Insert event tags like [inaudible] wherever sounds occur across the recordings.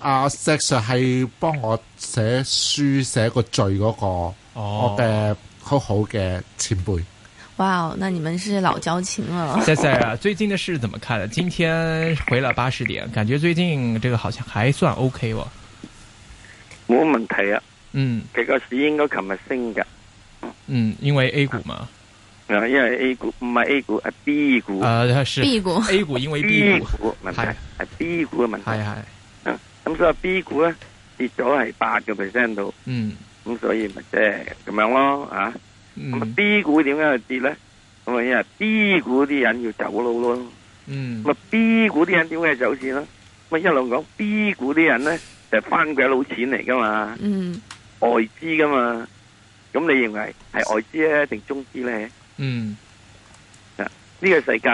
阿、啊、石 Sir 係幫我寫書寫個序嗰、那個，哦、我嘅好好嘅前輩。哇，哦那你們是老交情啦。Sir 啊，最近的事怎麼看？今天回了八十點，感覺最近這個好像還算 OK 哦。冇問題啊，嗯，這個市應該琴日升噶。嗯，因為 A 股嘛，啊、因為 A 股唔係 A 股係 B 股啊，是 B 股，A 股因為 B 股，明白係 B 股嘅問題，係係咁所以 B 股咧跌咗係八個 percent 度，咁、嗯、所以咪即係咁樣咯，啊、嗯，咁 B 股點解去跌咧？咁啊，因為 B 股啲人要走佬咯，咁啊、嗯、B 股啲人點解走線啦？咁啊一路講、嗯、B 股啲人咧就係、翻鬼佬錢嚟噶嘛，嗯、外資噶嘛，咁你認為係外資咧定中資咧？嗯、啊，呢、呢個世界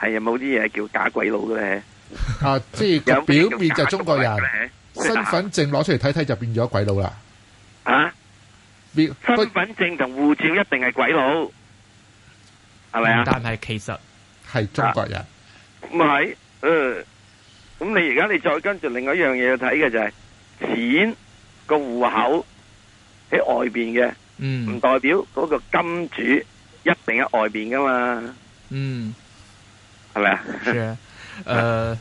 係有冇啲嘢叫假鬼佬嘅咧？啊， [laughs] 即係表面就係中國人，身份證攞出嚟睇睇就變咗鬼佬啦。啊，身份證同護照一定係鬼佬，係咪啊？但係其實係中國人，唔係、啊，嗯。咁、啊呃、你而家你再跟住另外一樣嘢要睇嘅就係、是、錢個戶口喺外邊嘅，唔、嗯、代表嗰個金主一定喺外邊噶嘛。嗯，係咪啊？ [laughs] 呃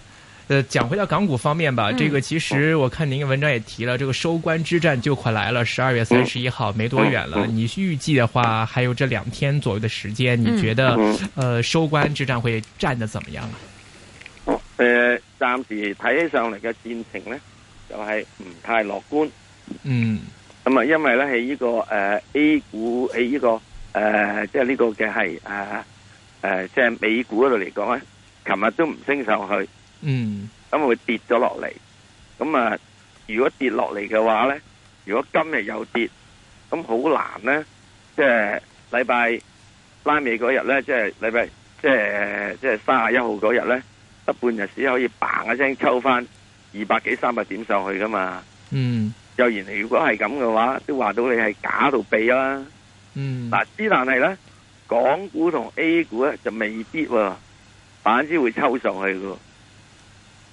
呃講回到港股方面吧。這個其實我看您的文章也提了，這個收官之戰就快來了，十二月三十一號，沒多遠了。你預計的話，還有這兩天左右的時間，你覺得，呃收官之戰會戰得怎麼樣啊？嗯、呃暫時睇起上嚟嘅戰情呢就係、是、唔太樂觀。嗯。咁啊，因為呢係依、這個呃 A 股喺依、這個呃即係呢個嘅係呃誒，即係、呃、美股嗰度嚟講呢。琴日都唔升上去，嗯，咁會跌咗落嚟，咁啊，如果跌落嚟嘅話咧，如果今日又跌，咁好難咧，即係禮拜拉尾嗰日咧，即係禮拜，即係即係三十一號嗰日咧，一半日先可以嘭一聲抽翻二百幾三百點上去噶嘛，嗯，又然，如果係咁嘅話，都話到你係假到痹啊。嗯，嗱，之但係咧，港股同 A 股咧就未必喎、啊。反之會抽上去噶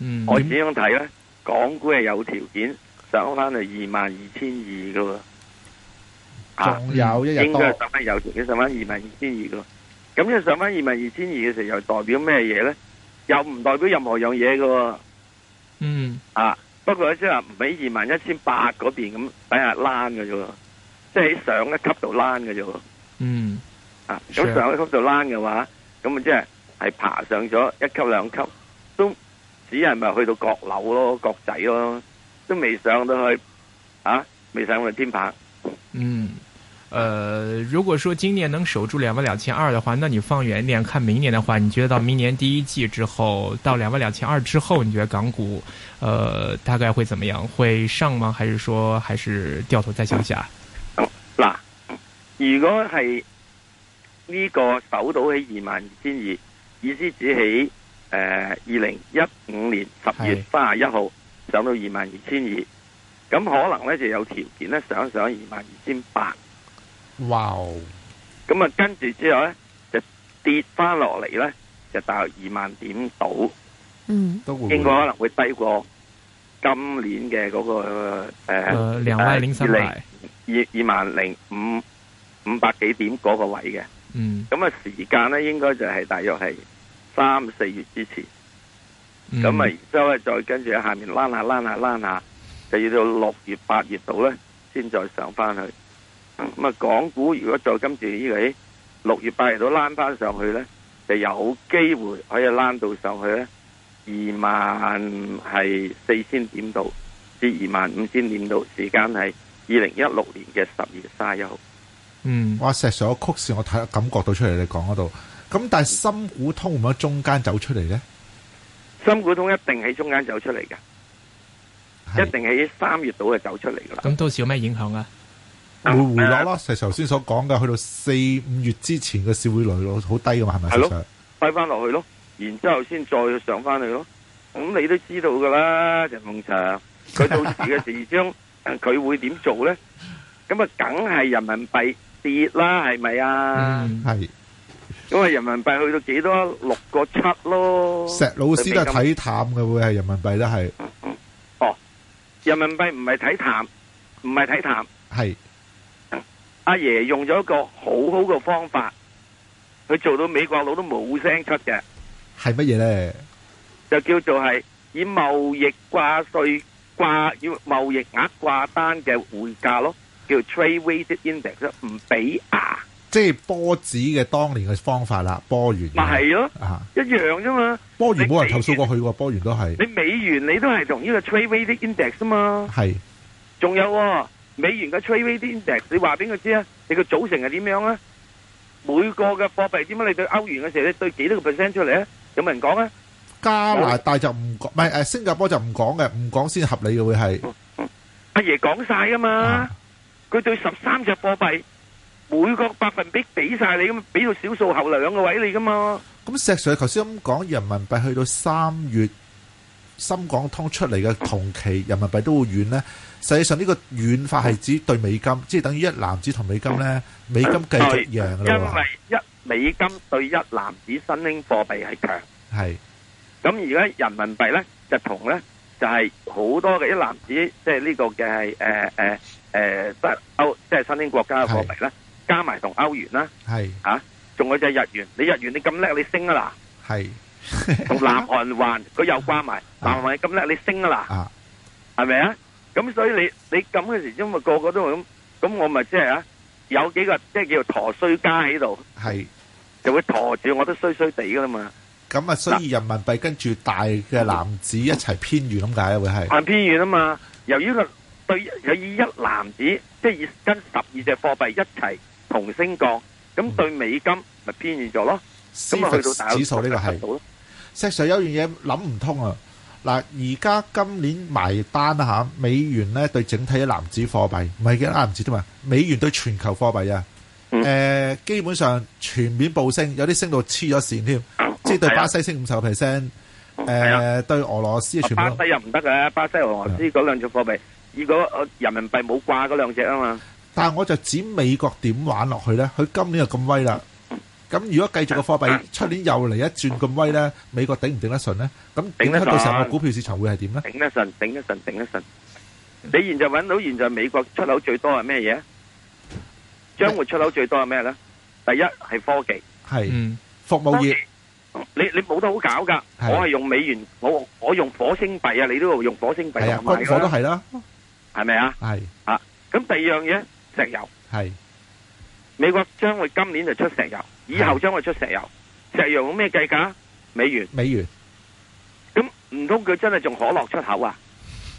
嗯、我點樣睇咧？港股係有條件上翻到二萬二千二噶，啊有應該上翻有條件，上返二萬二千二噶。咁呢、啊、上翻二萬二千二嘅時候又，又代表咩嘢咧？又唔代表任何樣嘢噶。嗯，啊，不過即係唔喺二萬一千八嗰邊咁，等下拉嘅啫，即係喺上一級度拉嘅啫。嗯，啊，咁上一級度拉嘅話，咁、嗯嗯、啊即係。係爬上咗一級兩級，都只係咪去到閣樓咯、角仔咯，都未上到去啊？未上到天棚。嗯，誒、呃，如果說今年能守住兩萬兩千二嘅話，那你放遠點看明年的話，你覺得到明年第一季之後，到兩萬兩千二之後，你覺得港股呃大概會怎麼樣？會上嗎？還是說還是掉頭再向下，下？嗱、嗯呃，如果係呢個守到喺二萬二千二。意思只喺誒二零一五年十月三十一號上到二萬二千二，咁可能咧就有條件咧上一上二萬二千八。哇 Wow！咁啊，跟住之後咧就跌翻落嚟咧，就大約二萬點度。嗯，應該可能會低過今年嘅嗰、那個誒二萬零三百二二萬零五五百幾點嗰個位嘅。嗯，咁啊時間咧應該就係大約係。三四月之前，咁啊、嗯，之後咧再跟住喺下面拉下拉下拉下，就要到六月八月度咧，先再上翻去。咁啊，港股如果再跟住呢個，六月八月度拉翻上去咧，就有機會可以拉到上去咧，二萬係四千點度至二萬五千點度，時間係二零一六年嘅十月卅一號。嗯，哇！石上嘅曲線，我睇感覺到出嚟，你講嗰度。咁但係深股通會唔會喺中間走出嚟咧？深股通一定喺中間走出嚟噶，一定喺三月度就走出嚟噶啦。咁到時有咩影響啊？會回落咯，就係頭先所講嘅，去到四五月之前嘅市會回落好低噶嘛，係咪？係咯，低翻落去咯，然之後先再上翻去咯。咁你都知道噶啦，陳鳳祥，佢到時嘅時鐘佢會點做咧？咁啊，梗係人民幣跌啦，係咪啊？係。因為人民幣去到幾多？六個七咯。石老師都係睇淡嘅，會係人民幣咧係？哦，人民幣唔係睇淡，唔係睇淡。係阿爺用咗一個好好嘅方法，佢做到美國佬都冇聲出嘅。係乜嘢咧？就叫做係以貿易掛稅掛，要貿易額掛單嘅匯價咯，叫 trade weighted index 唔俾啊。即係波子嘅當年嘅方法啦，波元咪係咯，啊，一樣啫嘛，波元冇人投訴過去喎，波元都係。你美元你都係同呢個 trade index 啊嘛，係。仲有美元嘅 trade index，你話俾佢知啊，你個組成係點樣啊？每個嘅貨幣點解？你對歐元嘅時候，你對幾多個 percent 出嚟啊？有冇人講啊？加拿大就唔講，唔係誒，新加坡就唔講嘅，唔講先合理嘅會係。阿爺講晒噶嘛，佢對十三隻貨幣。每個百分比俾曬你咁，俾到小數後兩個位你噶嘛。咁石 Sir 頭先咁講，人民幣去到三月，深港通出嚟嘅同期人民幣都會軟咧。實際上呢個軟法係指對美金，即係等於一籃子同美金咧，美金繼續揚。因為一美金對一籃子新興貨幣係強。係。咁而家人民幣咧，就同咧就係好多嘅一籃子，即係呢個嘅係誒誒誒，即係歐，即係新興國家嘅貨幣咧。加埋同歐元啦，係仲是、啊、有隻日元，你日元你咁叻，你升啊啦，係同是 [laughs] 南韓還佢又關埋，是南韓咁叻，你升啊啦，係咪啊？咁所以你你咁嘅時，因為個個都咁，咁我咪即係啊，有幾個即係叫做陀衰家喺度，係是就會陀住我，我都衰衰地噶啦嘛。咁啊，所以人民幣跟住大嘅籃子一齊偏遠咁解會係，偏遠啊嘛。由於個對有一籃子，即、就、係、是、跟十二隻貨幣一齊。同升降，咁對美金咪偏移咗咯？咁去到指數呢個係石 Sir 有樣嘢諗唔通啊！嗱，而家今年埋單啦嚇，美元咧對整體嘅籃子貨幣，唔係幾啱唔知添嘛？美元對全球貨幣啊，誒基本上全面暴升，有啲升到黐咗線添，即係對巴西升五十 percent，誒對俄羅斯啊，巴西又唔得嘅，巴西俄羅斯嗰兩隻貨幣，如果人民幣冇掛嗰兩隻啊嘛。但係我就指美國點玩落去咧？佢今年又咁威啦，咁如果繼續個貨幣出年又嚟一轉咁威咧，美國頂唔頂得順咧？咁頂得順嘅時候，個股票市場會係點咧？頂得順，頂得順，頂得順。你現在揾到現在美國出口最多係咩嘢？將會出口最多係咩咧？第一係科技，係服務業。你你冇得好搞噶，我係用美元，我我用火星幣啊！你都用火星幣嚟買噶啦，係咪啊？係啊，咁第二樣嘢。石油係，是美國將會今年就出石油，以後將會出石油。石油有咩計價？美元，美元。咁唔通佢真係仲可樂出口啊？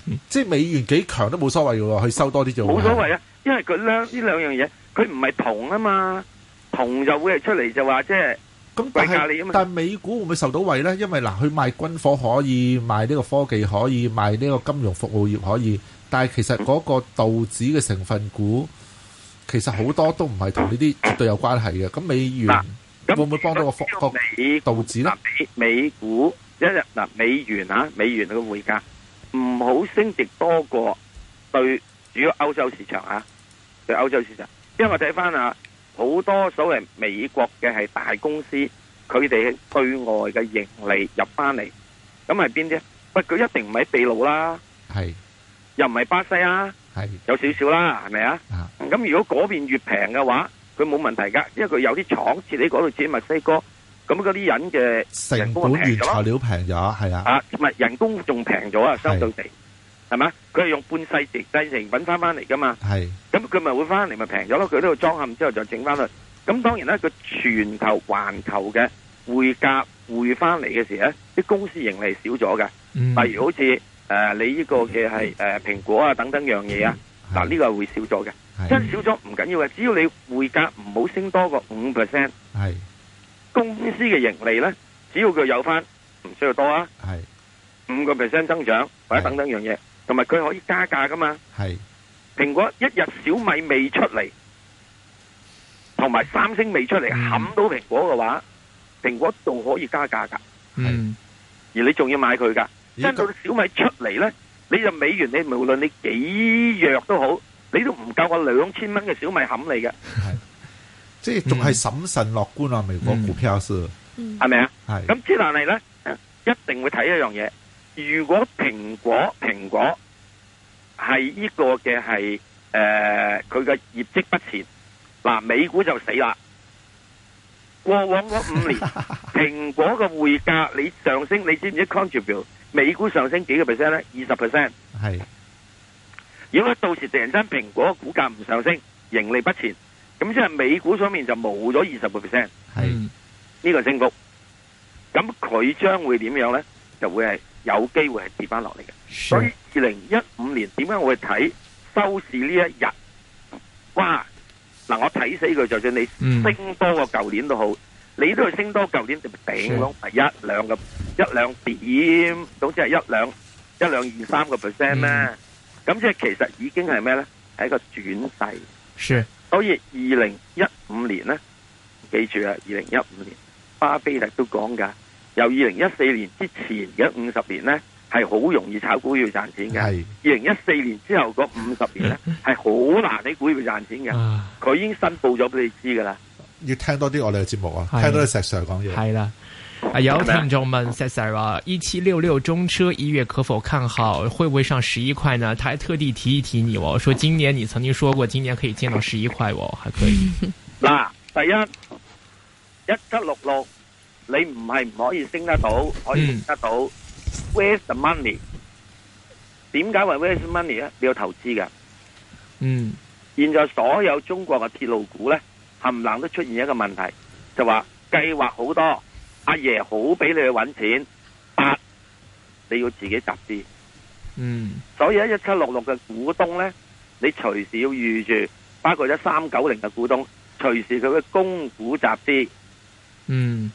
嗯、即係美元幾強都冇所謂嘅，佢收多啲就。冇所謂啊，因為佢咧呢兩樣嘢，佢唔係銅啊嘛，銅就會係出嚟就話即係。咁但係但美股會唔會受到惠咧？因為嗱，佢、啊、賣軍火可以，賣呢個科技可以，賣呢個金融服務業可以，但係其實嗰個道指嘅成分股。其實好多都唔係同呢啲絕對有關係嘅，咁美元會唔會幫到個貨美倒止咧？美美股一日嗱美元吓，美元嘅匯價唔好升值多過對主要歐洲市場啊，對歐洲市場，因為我睇翻，啊，好多所謂美國嘅係大公司，佢哋對外嘅盈利入翻嚟，咁係邊啲？喂、啊，佢一定唔係秘魯啦，係又唔係巴西、啊、是啦，係有少少啦，係咪啊？啊咁如果嗰邊越平嘅話，佢冇問題噶，因為佢有啲廠設喺嗰度，設喺墨西哥，咁嗰啲人嘅成本材料平咗，係啊啊，唔係人工仲平咗啊，收到地係嘛？佢係是用半世值製成品翻翻嚟噶嘛？係咁佢咪會翻嚟咪平咗咯？佢呢度裝嵌之後就整翻去。咁當然啦，佢全球環球嘅匯價匯翻嚟嘅時候，啲公司盈利是少咗嘅。例、嗯、如好似誒、呃、你呢個嘅係誒蘋果啊等等樣嘢啊，嗱呢、嗯、個是會少咗嘅。真少咗唔緊要嘅，只要你匯價唔好升多過五 percent，係公司嘅盈利咧，只要佢有翻，唔需要多啊，係五個 percent 增長或者等等樣嘢，同埋佢可以加價噶嘛，係蘋果一日小米未出嚟，同埋三星未出嚟冚到蘋果嘅話，蘋果仲可以加價噶，嗯，而你仲要買佢噶，等到小米出嚟咧，你就美元你無論你幾弱都好。你都唔夠我兩千蚊嘅小米冚你嘅，即係仲係審慎樂觀啊！嗯、美國股票市係咪啊？係咁、嗯，之但係咧，一定會睇一樣嘢。如果蘋果蘋果係呢個嘅係誒，佢、呃、嘅業績不前，嗱、呃、美股就死啦。過往嗰五年，蘋 [laughs] 果嘅匯價你上升，你知唔知 contribute？美股上升幾個 percent 咧？二十 percent 係。如果到時突然間蘋果股價唔上升，盈利不前，咁即係美股上面就冇咗二十個 percent，係呢個升幅。咁佢將會點樣咧？就會係有機會係跌翻落嚟嘅。的所以二零一五年點解我哋睇收市呢一日？哇！嗱，我睇死佢，就算你升多過舊年都好，嗯、你都係升多舊年就頂頂窿，係的一兩個一兩點，總之係一兩一兩二三個 percent 咩、嗯？啊咁即係其實已經係咩咧？係一個轉勢。是。所以二零一五年咧，記住啊，二零一五年巴菲特都講噶，由二零一四年之前嘅五十年咧，係好容易炒股票賺錢嘅。係是。二零一四年之後嗰五十年咧，係好難你股票賺錢嘅。佢、啊、已經申報咗俾你知噶啦。要聽多啲我哋嘅節目啊，聽多啲石 Sir 講嘢。係啦。啊，有聽、哎嗯、眾問，Sarah，一七六六中車一月可否看好，會唔會上十一塊呢？他還特地提一提你哦，說今年你曾經說過今年可以見到十一塊哦，還可以。嗱，第一一七六六，你唔係唔可以升得到，可以升得到 waste，嗯、money。點解話 waste money 呢？你要投資噶。嗯。現在所有中國嘅鐵路股呢，冚唪唥都出現一個問題，就話計劃好多。阿爺好俾你去搵錢，八你要自己集資。嗯，所以喺一七六六嘅股東咧，你隨時要預住，包括一三九零嘅股東，隨時佢嘅供股集資。嗯，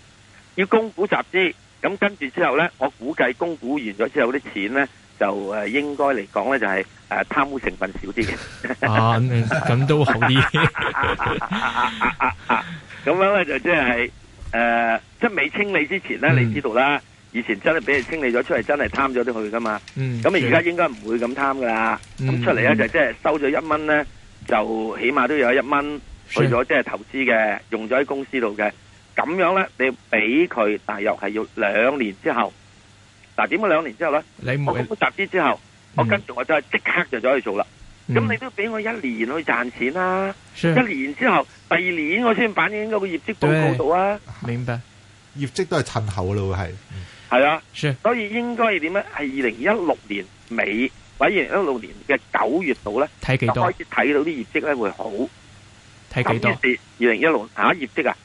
要供股集資，咁跟住之後咧，我估計供股完咗之後啲錢咧，就誒應該嚟講咧就係誒貪污成分少啲嘅。 [laughs] 啊，咁咁都好啲。咁 [laughs] [laughs] 樣咧就即係誒。呃即未清理之前咧，你知道啦。以前真係俾人清理咗出嚟，真係貪咗啲去噶嘛。咁你而家應該唔會咁貪噶啦。咁出嚟咧就即係收咗一蚊咧，就起碼都有一蚊去咗，即係投資嘅，用咗喺公司度嘅。咁樣咧，你俾佢，大約係要兩年之後。嗱，點解兩年之後咧？你唔會集資之後，我跟住我就即刻就走去做啦。咁你都俾我一年去賺錢啦。一年之後，第二年我先反映嗰個業績報告度啊。明白。業績都係趁口咯，係係啊，是所以應該點咧？係二零一六年尾，或者二零一六年嘅九月度咧，開始睇到啲業績咧會好，睇幾多？二零一六啊，業績啊，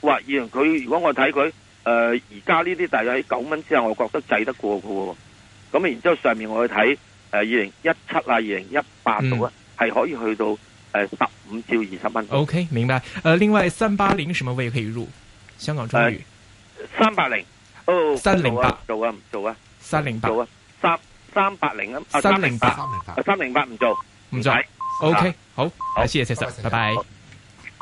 話二零佢如果我睇佢誒，而家呢啲大約喺九蚊之後，我覺得制得過噶喎。咁然之後上面我去睇誒，二零一七啊，二零一八度啊，係、嗯、可以去到誒十五至二十蚊。O、okay, K，明白。誒、呃，另外三八零什麼位可以入？香港中宇，三百零，哦，三零八，做啊，做啊，三零八，做啊，三三百零啊，三零八，三零八唔做，唔做，OK，好，多謝，謝謝，拜拜。